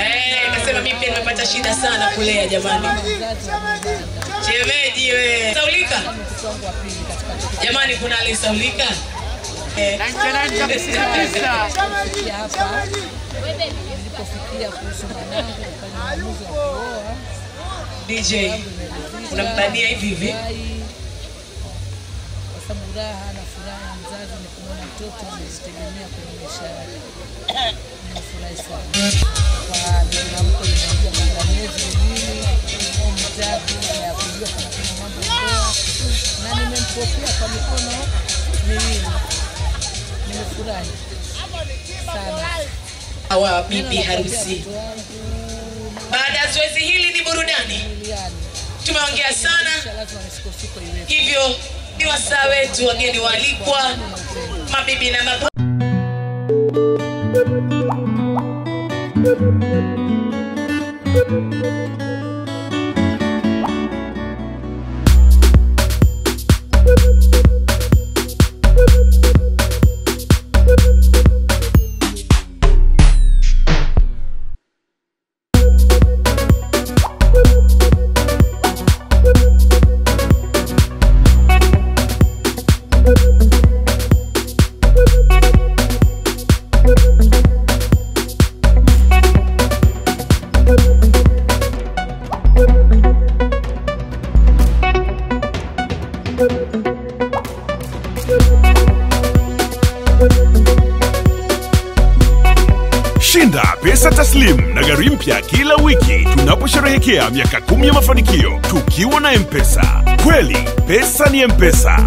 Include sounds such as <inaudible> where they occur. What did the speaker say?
Eh, nasema mimi pia nimepata shida sana kulea jamani. Shemeji we. Saulika. Jamani kuna aliyesaulika? Eh. <laughs> DJ unambania hivi hivi kwa sababu raha na furaha mzazi ni kumwona mtoto anajitegemea kwenye maisha yake bibi harusi baada ya zoezi hili ni burudani, tumeongea sana hivyo ni wasaa wetu, wageni waalikwa, mabibi na mabwana. Thank you. Shinda pesa taslimu na gari mpya kila wiki tunaposherehekea miaka kumi ya mafanikio tukiwa na Mpesa. Kweli pesa ni Mpesa.